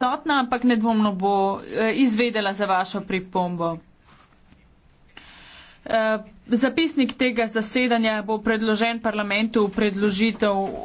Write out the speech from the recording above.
odsotna, ampak nedvomno bo eh, izvedela za vašo pripombo. Eh, zapisnik tega zasedanja bo predložen parlamentu v predložitev